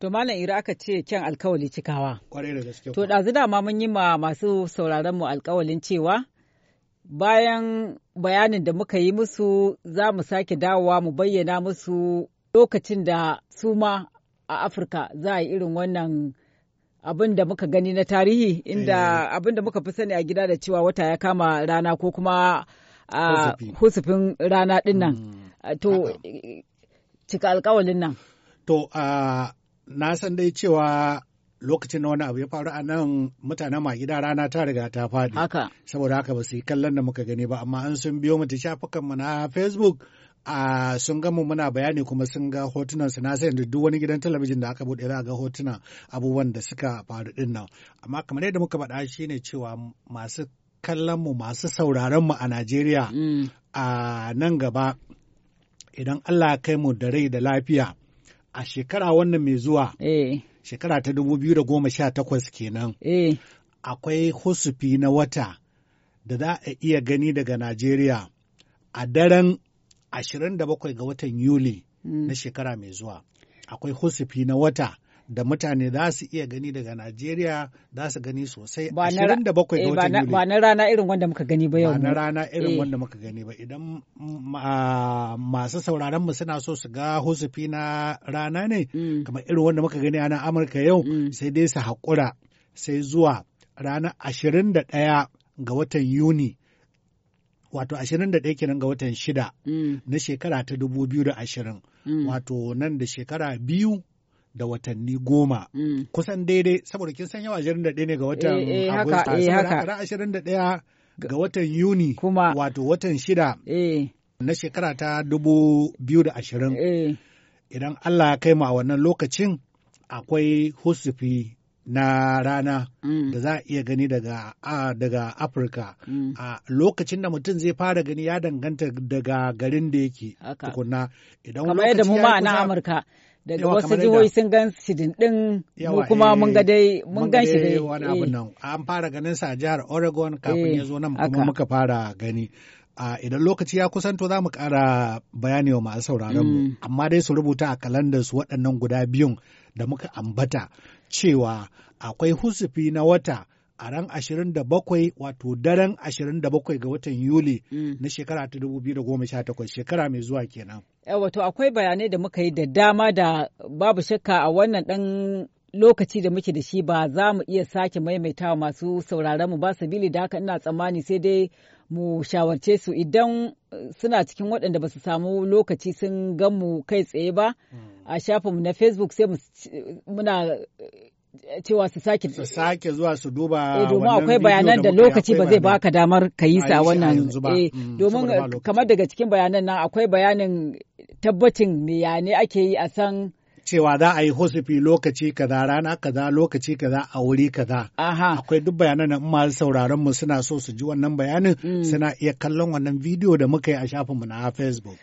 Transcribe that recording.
To Malam Ira aka ce kyan alkawali cikawa. Kwarai da gaske. To ɗazu dama mun yi ma masu sauraron mu alkawalin cewa bayan bayanin da muka yi musu za mu sake dawowa mu bayyana musu lokacin da su ma a Afirka za a yi irin wannan abin da muka gani na tarihi inda eh. abin da muka fi sani a gida da cewa wata ya kama rana ko kuma husufin rana dinnan. Hmm. To cika alkawalin nan. To a na san dai cewa lokacin na wani abu ya faru a nan mutanen ma gida rana ta riga ta faɗi. Haka. Saboda haka ba su yi kallon da muka gani ba, amma an sun biyo mu ta shafukanmu na Facebook. a sun gama muna bayani kuma sun ga hotunan su na san da duk wani gidan talabijin da aka buɗe za ga hotuna abubuwan da suka faru din nan amma kamar yadda muka faɗa ne cewa masu kallon mu masu sauraron mu a Najeriya mm. a nan gaba idan Allah ya kai mu da rai da lafiya a shekara wannan mai zuwa eh. shekara ta biyu da goma sha takwas kenan eh. akwai husufi na wata da za a iya gani daga Najeriya a daren ashirin da bakwai ga watan Yuli hmm. na shekara mai zuwa. Akwai husufi na wata da mutane za su iya gani daga Najeriya za su gani sosai. Ba na rana irin wanda muka gani ba yau. Ba na rana irin eh. wanda muka gani ba. Idan masu sauraron mu suna so su ga husufi na rana ne, mm. kamar irin wanda muka gani a nan Amurka yau, mm. sai dai su haƙura sai zuwa ranar ashirin da ɗaya ga watan Yuni. wato 21 kenan ga watan shida mm. na shekara ta 2020 wato nan da shekara biyu da watanni goma. Mm. Kusan daidai saboda kin san yawa ashirin da ɗaya ne ga watan eh, eh, Agusta. Eh, ashirin da ɗaya ga watan Yuni. Kuma. Wato watan shida. Na shekara ta dubu biyu da ashirin. Idan Allah ya kai mu a wannan lokacin akwai husufi na rana mm. da za a iya gani daga Afirka mm. a lokacin da mutum zai fara gani ya danganta daga garin da yake Tukuna. idan kamar yadda mu ma na Amurka daga wasu jihohi sun gan shi din mu kuma mun ga eh, dai mun gan shi dai wani abu eh. nan an fara ganin sa a jihar Oregon kafin eh, ya zo nan kuma muka fara gani a idan lokaci ya kusanto za mu ƙara bayani wa masu sauraron mu mm. amma dai su rubuta a kalandar su waɗannan guda biyun da muka ambata cewa akwai husufi na wata a ran 27 wato daren 27 ga watan Yuli mm. na shekara ta 2018 shekara mai zuwa kenan. wato akwai bayanai da muka yi da dama da babu shakka a wannan ɗan lokaci da muke da shi ba za mu iya sake maimaitawa masu sauraron mu ba sabili da haka ina tsammani sai dai mu shawarce su idan eh, suna cikin waɗanda ba su samu lokaci sun gan mu kai tsaye ba hmm. a shafinmu na facebook sai muna eh, cewa su sake su sake zuwa su duba eh, domin akwai bayanan da lokaci ba zai baka damar ka yi sa wannan hmm, domin kamar daga cikin bayanan nan akwai bayanin tabbacin miyane ake yi a san cewa za a yi hosifi lokaci kaza rana kaza lokaci kaza a wuri kaza. Akwai duk bayanan nan masu sauraron mu suna so su ji wannan bayanin mm. suna iya kallon wannan bidiyo da muka yi a shafin mu na Facebook.